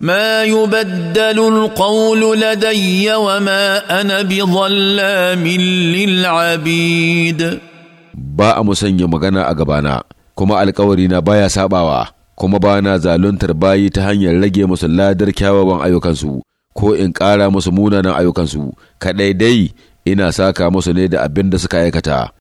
ما يبدل القول لدي وما أنا بظلام للعبيد ba a musanya magana a gabana kuma alkawarina baya sabawa kuma ba na zaluntar bayi ta hanyar rage musu ladar kyawawan ayyukansu ko in ƙara musu munanan ayyukansu kaɗai dai ina saka musu ne da abin da suka aikata